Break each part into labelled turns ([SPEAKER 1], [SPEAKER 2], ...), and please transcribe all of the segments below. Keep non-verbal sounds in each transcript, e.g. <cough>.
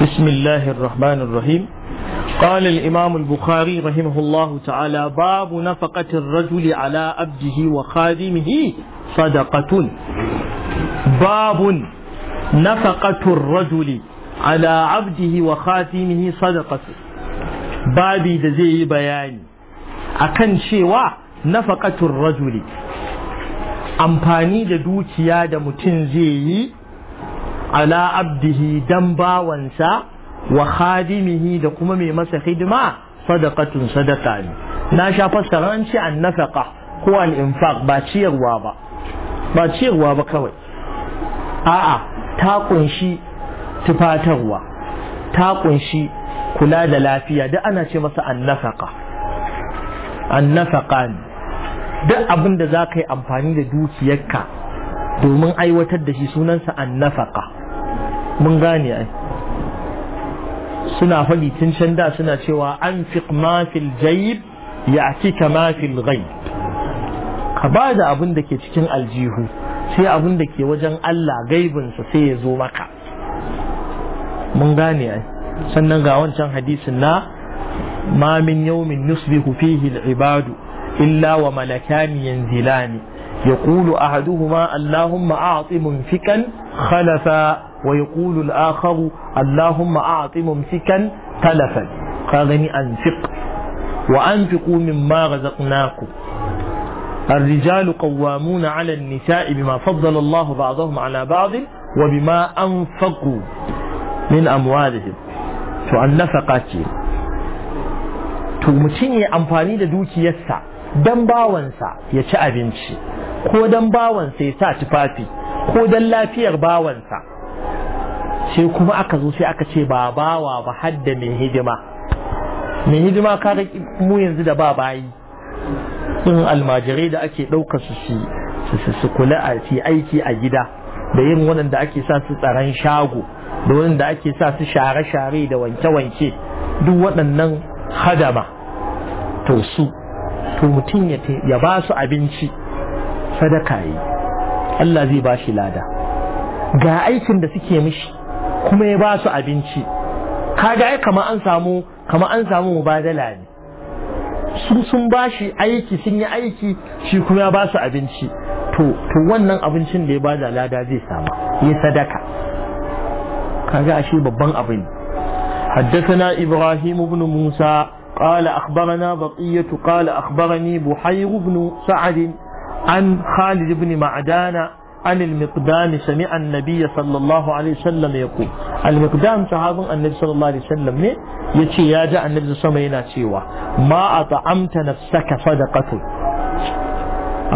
[SPEAKER 1] بسم الله الرحمن الرحيم قال الإمام البخاري رحمه الله تعالى باب نفقة الرجل على عبده وخادمه صدقة باب نفقة الرجل على عبده وخاتمه صدقة babi da zai yi bayani akan cewa nafaqatul rajuli amfani da dukiya da mutum zai yi ala abdihi dan bawansa wa khadimihi da kuma mai masa hidima sadaqatun sadaqa ne na sha fassara an an nafaqa ko al infaq ba ciyarwa ba ba ciyarwa ba kawai a'a ta kunshi tufatarwa ta kunshi kula da lafiya duk ana ce masa an nafaqa an nafaqa ne duk abin da za ka yi amfani da dukiyarka domin aiwatar da shi sunansa an nafaqa mun gane ai suna faɗi tun can da suna cewa an fi ma fil jayib ya ci kama fil ghaib ka ba da abin da ke cikin aljihu sai abin da ke wajen Allah gaibinsa sai ya zo maka mun gane ai sannan ga wancan hadisin na ma min yawmin nusbihu fihi al-ibadu illa wa malakani yanzilani yaqulu ahaduhuma allahumma a'ti munfikan khalafa ويقول الآخر اللهم أعط ممسكا تلفا قالني يعني أنفق وأنفقوا مما رزقناكم الرجال قوامون على النساء بما فضل الله بعضهم على بعض وبما أنفقوا من أموالهم فأن نفقاتهم to mutum ya amfani دم dukiyarsa don bawansa ya ci abinci ko don bawansa ya sa tufafi ko lafiyar bawansa sai kuma aka zo sai aka ce ba bawa ba hadda mai hidima mai hidima ka ga mu yanzu da ba bayi in almajirai da ake ɗauka su su kula a ci aiki a gida da yin wannan ake sa su tsaron shago da wannan ake sa su share-share da wanke-wanke duk waɗannan hadama to su to mutum ya ba su abinci sadaka yi Allah zai ba shi lada ga aikin da suke mishi kuma ya ba su abinci kaga ai kama an samu kama an samu mubadala ne su sun ba shi aiki sun yi aiki shi kuma ya ba su abinci to to wannan abincin da ya ba da lada zai samu ya sadaka kaga ashe babban abu ne حدثنا إبراهيم بن موسى قال أخبرنا بقية قال أخبرني بحير بن سعد عن خالد بن معدان عن المقدام سمع النبي صلى الله عليه وسلم يقول المقدام صحاب النبي صلى الله عليه وسلم ne yace ya ji annabi sama yana cewa ma at'amta nafsaka sadaqatu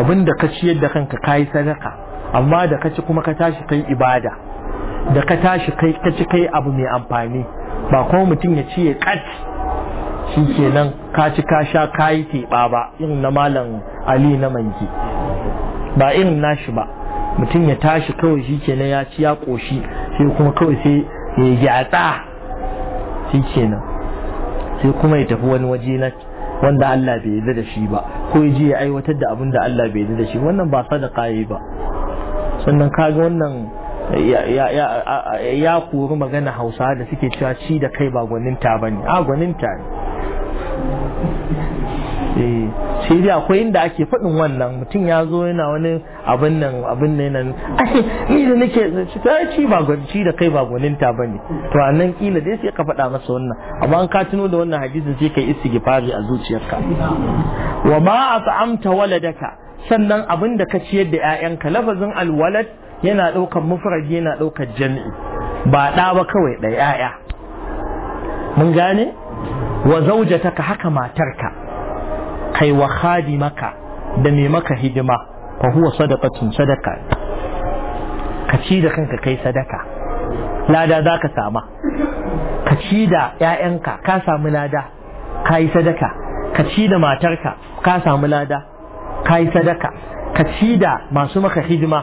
[SPEAKER 1] abinda ka ciyar da kanka kayi sadaka amma da ka ci kuma ka tashi kai ibada da ka tashi kai ka ci kai abu mai amfani ba kuma mutum ya ci ya kat shikenan ka ci ka sha kayi teba ba irin na malam Ali na manki ba irin nashi ba mutum ya tashi kawai shi kenan ya ci ya ƙoshi sai kuma kawai sai ya gyatsa shi kenan sai kuma ya tafi wani waje na wanda Allah bai yarda da shi ba ko ya je ya aiwatar da abin da Allah bai yarda da shi wannan ba sadaka yi ba sannan kaga wannan ya kori magana hausa da suke cewa ci da kai ba gwaninta ba ne a gwaninta ne sai dai akwai inda ake faɗin wannan mutum ya zo yana wani abin nan abin nan nan ni da nake ci ba gwanci da kai ba gwaninta ba ne to a nan kila dai sai ka faɗa masa wannan amma an ka da wannan hadisin sai ka istighfari a zuciyarka wa ma at'amta waladaka sannan abin da ka ciyar da 'ya'yanka lafazin alwalad yana ɗaukar mufrad yana ɗaukar jami'i ba ɗa ba kawai da 'ya'ya mun gane wa zaujataka haka matarka kai wa khadimaka da mai maka hidima fa huwa sadaqatun sadaka ka ci da kanka kai sadaka lada zaka sama ka da 'ya'yanka ka samu lada kayi sadaka ka da matarka ka samu lada kayi sadaka ka ci da masu maka hidima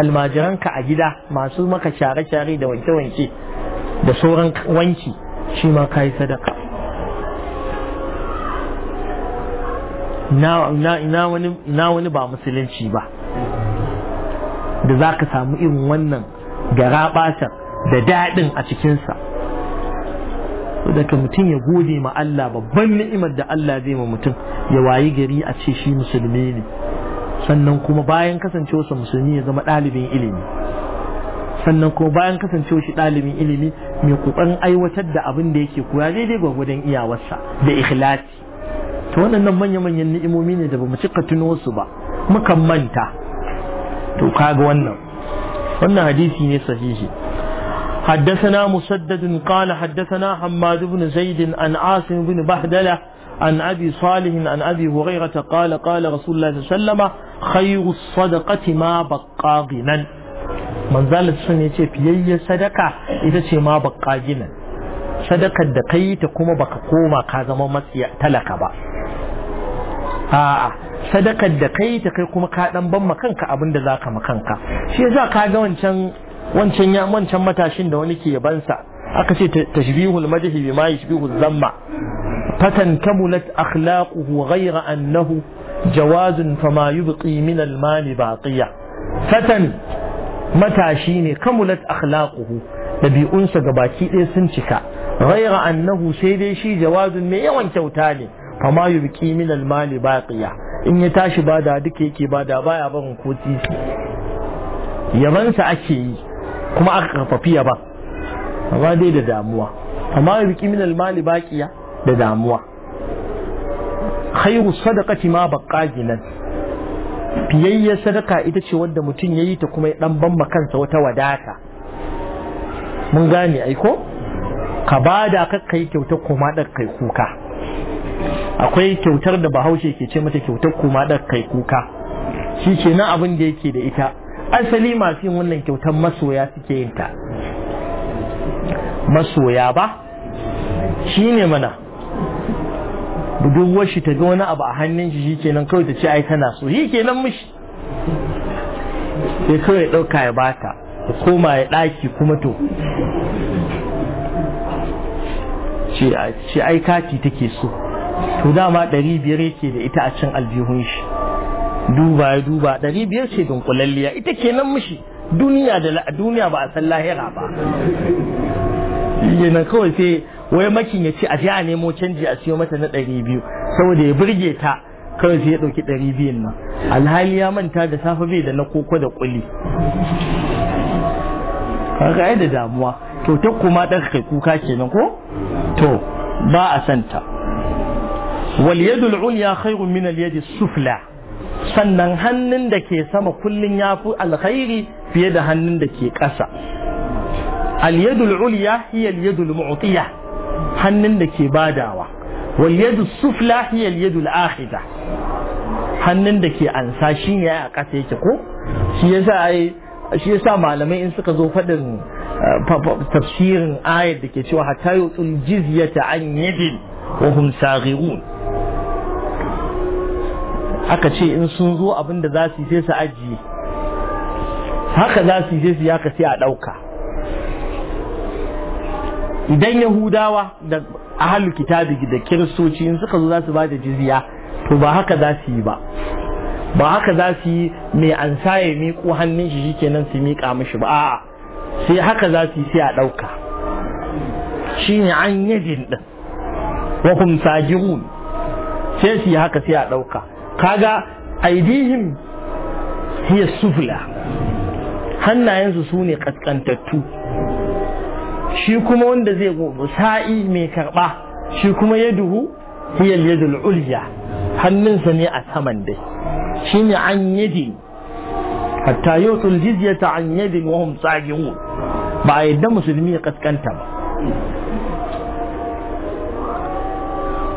[SPEAKER 1] almajiranka a gida masu maka share-share da wanke-wanke da sauran wanki shi ma kai sadaka na wani ba musulunci ba da za ka samu irin wannan gara da daɗin a cikinsa daga mutum ya gode ma Allah babban ni'imar da Allah zai ma mutum ya wayi gari a ce shi musulmi ne sannan kuma bayan sa musulmi ya zama ɗalibin ilimi sannan kuma bayan kasancewa shi ɗalibin ilimi mai ƙoƙarin aiwatar da abin da yake koya daidai gwagwadon iyawarsa da ikhlasi to waɗannan manya-manyan ni'imomi ne da ba mu cika tuno su ba mukan manta to kaga wannan wannan hadisi ne sahihi حدثنا مسدد قال حدثنا حماد بن زيد عن عاصم بن بهدلة عن أبي صالح عن أبي هريرة قال قال رسول الله صلى الله عليه وسلم خير الصدقة ما بقى غنى من ذا لسن يتي بيي صدقة إذا تي ما بقى غنى صدقة دقيت كما بقى كوما كازم مسيا تلك با a'a sadakar da kai ta kai kuma ka dan ban kanka abin da zaka makanka shi yasa ka ga wancan wancan ya wancan matashin da wani ke bansa aka ce tashbihul majhi bima yashbihu zamma fatan kamulat akhlaquhu ghayra annahu jawazun fama yubqi min al baqiya fatan matashi ne kamulat akhlaquhu dabi'unsa gabaki ɗaya sun cika ghayra annahu sai dai shi jawazun mai yawan kyauta ne yi biki min al-mali baqiya in ya tashi ba da duka yake ba da baya barin ko titi yabansa ake yi kuma aka karfafi ba, amma dai da damuwa yi biki min almali ba baqiya da damuwa khairu sadaqati ma baqa ginan fiyayyar sadaka ita ce wadda mutum ya yi ta kuma ya dan bamba kansa wata wadata mun gane aiko ka bada kakkai kyauta kuma ɗan kai kuka akwai kyautar da bahaushe ke ce mata kyautar kuma da kai kuka shi ke nan abin da yake da ita asali masu yin wannan kyautar masoya suke yin ta masoya ba shi ne mana budurwar shi ta ga wani abu a hannun shi shi nan kawai ta ce ai tana so shi nan mishi sai kawai ɗauka ya bata ta koma ya ɗaki kuma to ce ai kati take so to dama ɗari biyar yake da ita a cin aljihun shi duba ya duba ɗari biyar ce dunkulalliya ita kenan mishi duniya da duniya ba a san lahira ba yana kawai sai wai makin ya ce a a nemo canji a siyo mata na ɗari biyu saboda ya burge ta kawai sai ya ɗauki ɗari biyun nan alhali ya manta da safe bai da na koko da kuli kaga da damuwa to ta kuma ɗan kai kuka kenan ko to ba a santa wal yadul ulya khairun min al sufla sannan hannun da ke sama kullun fi alkhairi fiye da hannun da ke ƙasa alyadul yadul ulya hiya al yadul mu'tiya hannun da ke badawa wal yadu sufla hiya al akhida hannun da ke ansa shi ne a ƙasa yake ko shi yasa ai shi yasa malamai in suka zo faɗin eh, tafsirin ayar da ke cewa hatta yutul jizyata an yadin wa hum aka ce in sun zo abin da za su yi sai su ajiye haka za su yi sai su yi haka sai a ɗauka idan yahudawa da ahalu kitabi da kiristoci in suka zo za su ba da jizya to ba haka za su yi ba ba haka za su yi mai ansa ya miƙo hannun shi kenan su miƙa mishi ba a'a sai haka za su yi sai a ɗauka ne an yajin din wa hum sajihun sai su yi haka sai a ɗauka kaga aidihim hiya sufla hannayensu su ne kaskantattu shi kuma wanda zai sa'i mai karba shi kuma duhu hiya yadul ulya hannunsa ne a saman dai shine an yadi hatta yutul jizyata an yadin wa hum sagihun ba a yadda musulmi ya kaskanta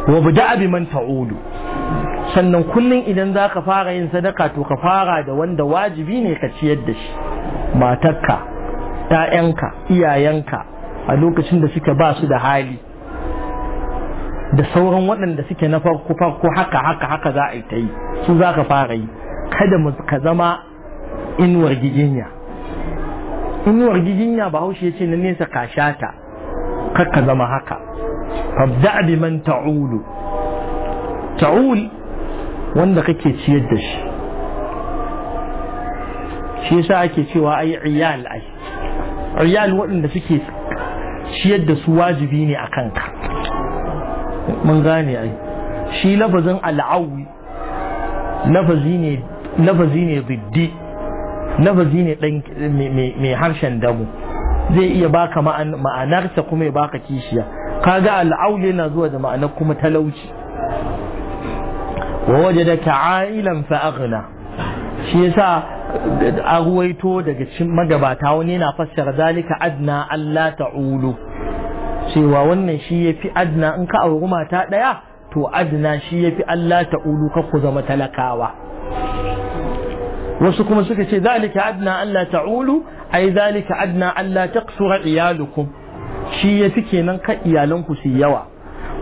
[SPEAKER 1] ba wa bida bi man ta'udu sannan kullum idan za ka fara yin sadaka to ka fara da wanda wajibi ne ka ciyar da shi matarka ‘ya'yanka iyayenka a lokacin da suka ba su da hali da sauran waɗanda suke na farko farko haka haka haka za a yi ta yi su za ka fara yi kada mu ka zama inuwar giginya inuwar giginya ba haushe ce na nesa ka sha kar ka zama haka fabda bi man ta'ulu ta'ul wanda kake ciyar da shi shi yasa ake cewa ai iyal ai iyal waɗanda suke ciyar da su wajibi ne a kanka mun gane ai shi lafazin al'awi lafazi ne lafazi lafazi ne mai harshen damu zai iya baka ma'anarsa kuma ya baka kishiya kaga al'awi na zuwa da ma'anar kuma talauci wa da ailan fa aghna shi yasa a ruwaito daga magabata wani na fassara zalika adna Allah ta'ulu cewa wannan shi ya fi adna in ka auri mata ɗaya to adna shi ya yafi Allah ta'ulu ka ku zama talakawa wasu kuma suka ce zalika adna Allah ta'ulu ai zalika adna Allah taqsura iyalukum shi ya fi kenan ka iyalanku su yawa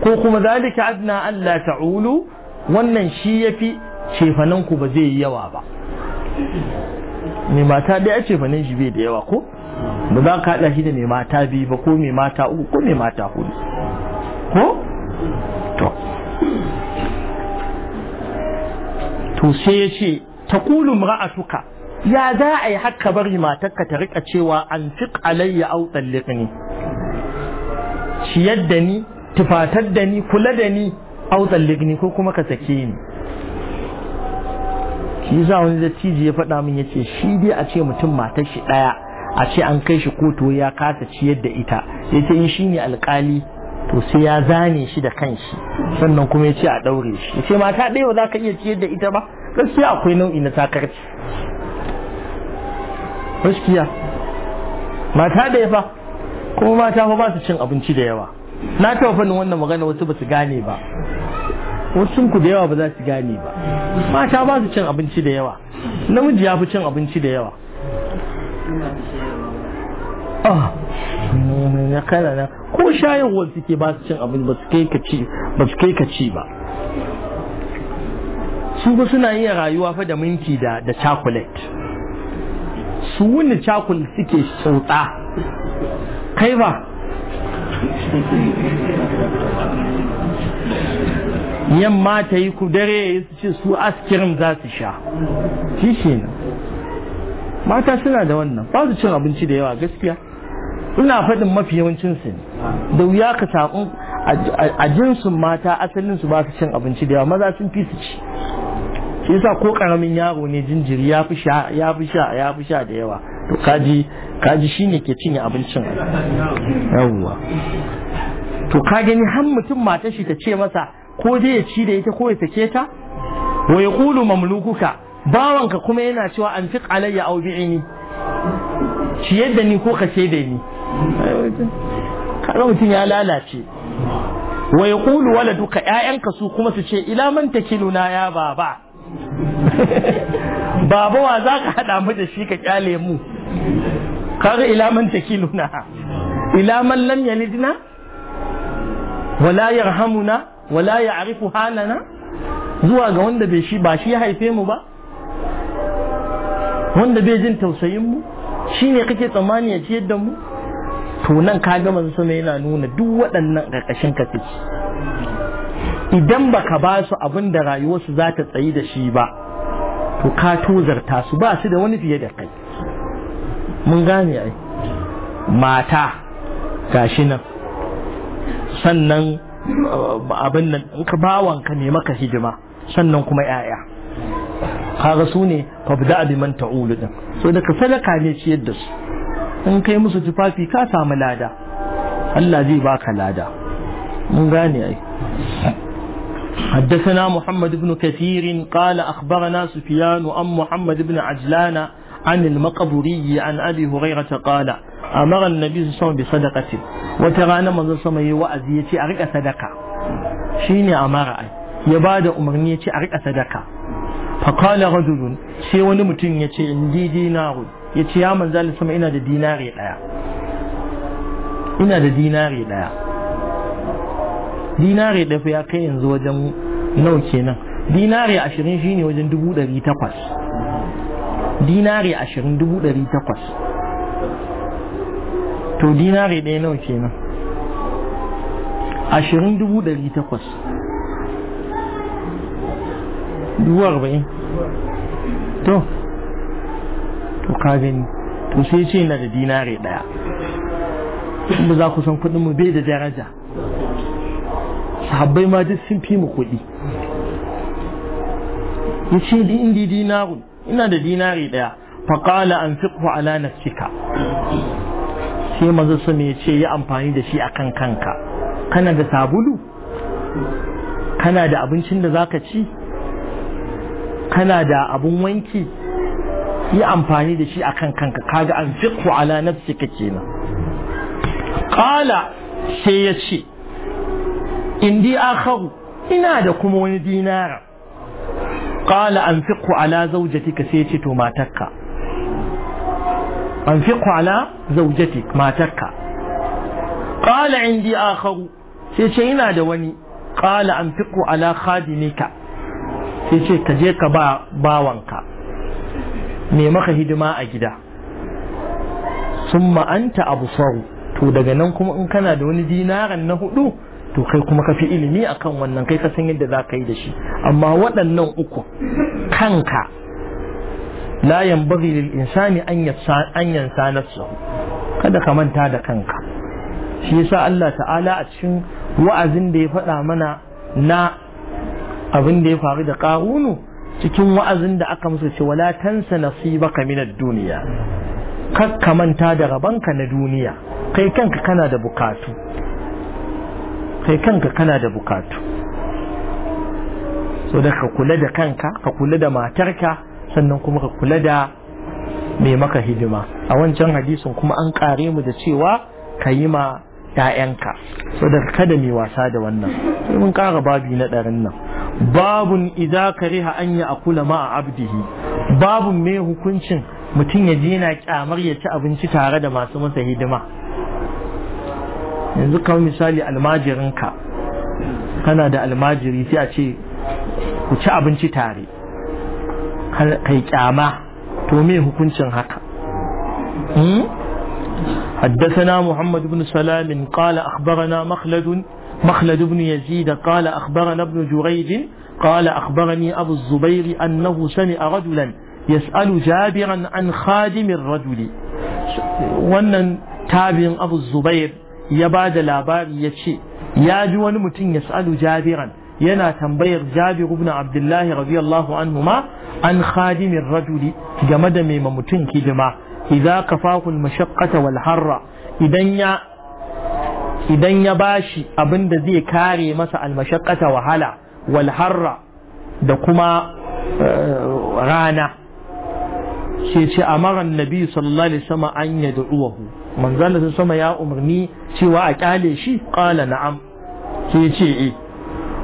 [SPEAKER 1] ko kuma zalika adna Allah ta'ulu wannan shi ya fi cefaninku ba zai yi yawa ba mai mata ɗaya cefanin shi bai da yawa ko ba za ka haɗa shi da mai mata biyu ba ko mai mata uku ko mai mata hudu ko to to sai ya ce ta kulum ra'atuka ya za a yi haka bari matarka ta rika cewa an fi alayya au tsallikini ciyar da ni tufatar da ni kula da ni au tsallikini ko kuma ka sake ni shi za wani dattijo ya faɗa min ya ce shi dai a ce mutum matar shi ɗaya a ce an kai shi kotu ya kasa ciyar da ita ya ce in eh, shi ne alƙali to sai ya zane shi da kanshi sannan kuma ya ce a ɗaure shi ya ce mata ɗaya ba za ka iya ciyar da ita ba gaskiya akwai nau'i na takarci gaskiya mata ɗaya fa kuma mata fa ba su cin abinci da yawa na taɓa fannin wannan magana wasu ba su gane ba wasu ku da yawa ba za su gane ba mata ba su cin abinci da yawa namiji ya fi cin abinci da yawa ah, ko shayarwar suke ba su cin abinci ba su kai ka ci ba su ba suna iya rayuwa fa da minti da da chocolate su wunin chocolate suke sauta kai ba yamma ta yi ku dare ya su ce su askirin za su sha shi shi mata suna da wannan ba su cin abinci da yawa gaskiya ina faɗin mafi yawancin su da wuya ka samu a jinsu mata asalin su ba su cin abinci da yawa maza sun fi su ci shi yasa ko karamin yaro ne jinjiri ya fi sha ya fi sha da yawa to kaji kaji shine ke cinye abincin yawwa to ka gani har mutum mata shi ta ce masa ko zai ci da ita ko ya sake ta wa yaqulu mamlukuka bawanka kuma yana cewa an fiq a aw ni ci yadda ni ko ka ce da ni kaga mutum ya lalace wa wala duka ƴaƴanka su kuma su ce ila man na ya baba <laughs> baba wa za ka hada mu da shi ka kyale mu kaga ila man takiluna ila man lam yalidna wala yarhamuna wala ya arifu halana zuwa ga wanda bai shi ba shi ya haife mu ba wanda bai jin tausayin mu shi ne kake tsammani ya ciyar da mu to nan ka gama sama yana nuna duk waɗannan ƙarƙashin ka suke idan baka ba su abin da rayuwarsu za ta tsayi da shi ba to ka tozarta su ba su da wani fiye da kai mun gane ai mata gashi nan sannan abin nan in ka ne maka hidima sannan kuma 'ya'ya kaga su ne fabda bi man ta'ulu din so daga sadaka ne ciyar da su in kai musu tufafi ka samu lada Allah zai baka lada mun gane ai حدثنا محمد بن كثير قال أخبرنا سفيان عن محمد بن عجلان عن المقبري عن أبي هريرة قال amara annabi su sama bi sadaqati wata rana manzon sama yayi wa'azi yace a rika sadaka shine amara ai ya bada umarni yace a rika sadaka fa qala rajulun sai wani mutum yace indi dinaru yace ya manzon sama ina da dinari daya ina da dinari daya dinari da ya kai yanzu wajen nau kenan dinari ashirin shine wajen dubu ɗari takwas dinari ashirin dubu ɗari takwas to dinari ɗaya nawa kenan ashirin dubu ɗari takwas dubu arba'in to to ka gani to sai ce na da dinari ɗaya inda za ku san kuɗin mu bai da daraja sahabbai ma duk sun fi mu kuɗi ya ce indi dinarun ina da dinari ɗaya faƙala an fi ala nafsika sai manzo su ne ce yi amfani da shi akan kanka kana da sabulu kana da abincin da zaka ci kana da abun wanki yi amfani da shi akan kanka kaga an fiqhu ala nafsika kenan qala sai ya ce indi akharu ina da kuma wani dinara qala anfiqhu ala zawjatika sai ya ce to matarka anfiqu ala zawjatik matarka qala indi akharu sai ce ina da wani qala anfiqu ala khadimika sai ce ka je ka ba bawanka me maka hidima a gida Sun ma'anta anta absaru to daga nan kuma in kana da wani dinaran na hudu to kai kuma ka fi ilimi akan wannan kai ka san yadda za ka yi da shi amma waɗannan uku kanka la yanbaghi lil insani an yasa an kada ka manta da kanka shi yasa Allah ta'ala a cikin wa'azin da ya faɗa mana na abin da ya faru da ƙarunu cikin wa'azin da aka musu ce wala tansa nasibaka minad duniya ka manta da rabanka na duniya kai kanka kana da bukatu kai kanka kana da bukatu so da ka kula da kanka ka kula da matarka sannan kuma ka kula da mai maka hidima a wancan hadisin kuma an kare mu da cewa ka yi ma ‘ya'yanka so da kada mai wasa da wannan sai mun kara babi na ɗarin nan babun idza kariha an ya akula ma abdihi babun mai hukuncin mutum ya je yana kyamar ya ci abinci tare da masu masa hidima yanzu kawai misali almajirinka kana da almajiri sai a ce ku ci abinci tare kai kyama to me hukuncin haka hmm? حدثنا محمد بن سلام قال أخبرنا مخلد مخلد بن يزيد قال أخبرنا ابن جريج قال أخبرني أبو الزبير أنه سمع رجلا يسأل جابرا عن خادم الرجل وأن تابع أبو الزبير ya ba يشي يا جوان متين يسأل جابرا yana tambayar jabi rubna Abdullahi radiyallahu anhu ma an khadimin rajuli game da mai mutum hidima idza kafahu al-mashaqqata wal harra idan ya idan ya bashi abin da zai kare masa al-mashaqqata wahala wal harra da kuma eh, rana Ke ce amaran nabi sallallahu alaihi wasallam an yad'uhu manzo Allah sama ya umarni cewa a kyale shi qala na'am ke ce eh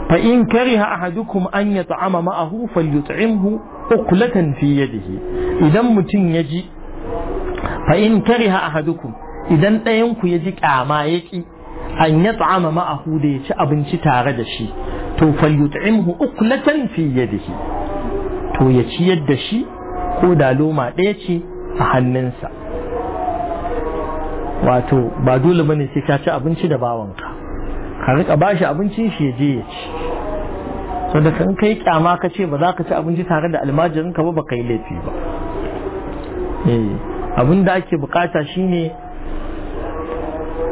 [SPEAKER 1] فإن كره أحدكم أن يطعم معه فليطعمه أقلة في يده إذا متن يجي فإن كره أحدكم إذا ɗayanku ya ji ƙyama ya ƙi an ya tsama ma'ahu da ya ci abinci tare da shi to falyut'imhu uklatan fi to ya ci yadda shi ko da loma ɗaya ce a hannunsa wato ba dole bane sai ka ci abinci da bawanka ka rika bashi abincin shi ya je ya ci so da kan kai kyama ka ce ba za ka ci abinci tare da almajirin ka ba ba kai laifi ba eh, abin da ake bukata shine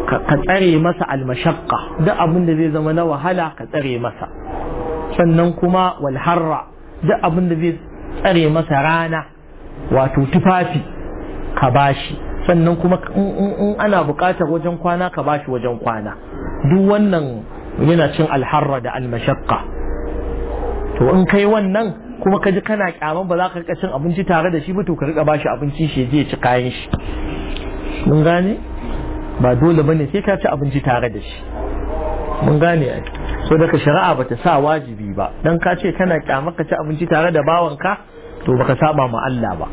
[SPEAKER 1] ka tsare masa almashakka duk abin da zai zama na wahala ka tsare masa sannan kuma walharra duk abin da zai tsare masa rana wato tufafi ka bashi sannan kuma in ana bukatar wajen kwana ka bashi wajen kwana duk wannan yana cin alharra da almashakka to in kai wannan kuma ka ji kana kyaman ba za ka cin abinci tare da shi ba to ka ba bashi abinci shi je ci kayan shi mun gane ba dole bane sai ka ci abinci tare da shi mun gane so daga shari'a bata sa wajibi ba dan ka ce kana kyamar ka ci abinci tare da bawanka to baka saba ma Allah ba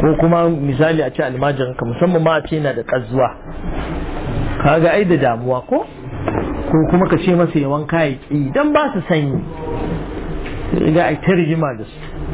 [SPEAKER 1] ko kuma misali a ce almajirin ka musamman ma a ce yana da kazuwa kaga ai da damuwa ko ko kuma ka ce masa ya wanka idan ba su sanyi ga ai ta rigima da su